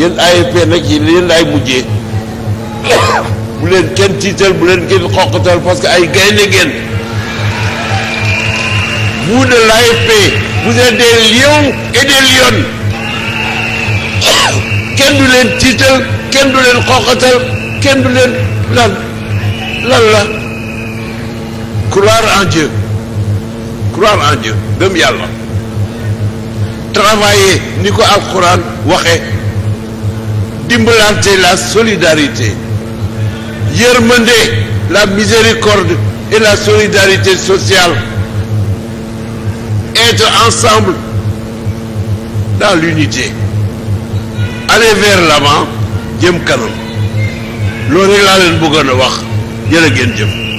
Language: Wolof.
yéen AFP nag yi yéen laay mujjee bu kenn tiital bu kenn xoqatal parce que ay gaynde ngeen vous de l'AFP vous êtes des lions et des lionnes kenn du leen tiital kenn du leen xoqatal kenn du leen lan lan la croire en croire en Dieu yàlla travailler ni ko alxuraan waxe dimbalante la solidarité yërmande la miséricorde et la solidarité sociale être ensemble dans l'unité aller vers l'avant jëm kanam loolu rek laa leen bëggoon a wax jërë ngeen jëf